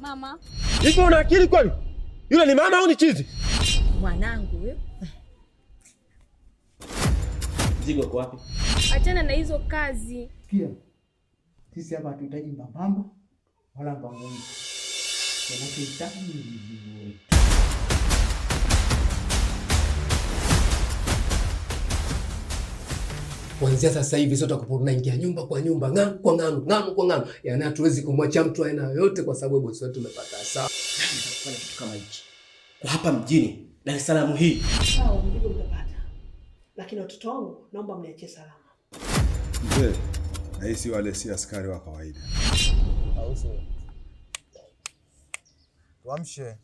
Mama. Hivi una akili kweli? Yule ni mama au ni chizi? Mwanangu wewe. Mzigo uko wapi? Achana na hizo kazi. Sikia. Sisi hapa hatuhitaji mbambamba wala mpango. Tunahitaji mzigo wetu. kuanzia sasa hivi sote tunaingia nyumba kwa nyumba, ngano kwa ngano, ngano kwa ngano. yani hatuwezi kumwacha mtu aina yoyote kwa sababu bosi wetu amepata hasara. Yaani Kufanya kitu kama hichi kwa hapa mjini Dar es Salaam hii. Sawa, ndivyo mtapata. Lakini watoto wangu naomba mniachie salama. Mzee, na hii si wale si askari wa kawaida. Tuamshe.